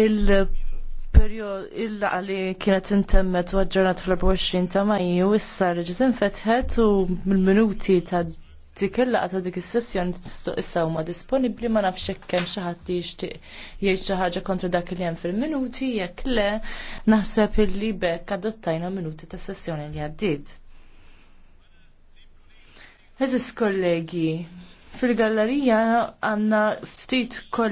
il-perjod il-laqa li kienet intemmet u għagġornat fl-24 ta' Mejju issa reġgħet infetħet u mill-minuti ta' dik il-laqa ta' dik is-sessjoni issa huma disponibbli ma nafx hekk hemm xi ħadd li jixtieq jgħid xi ħaġa kontra dak li hemm fil-minuti jekk le naħseb illi bekk adottajna minuti ta' sessjoni li għaddiet. Eżis kollegi, fil-gallerija għanna ftit kollegi.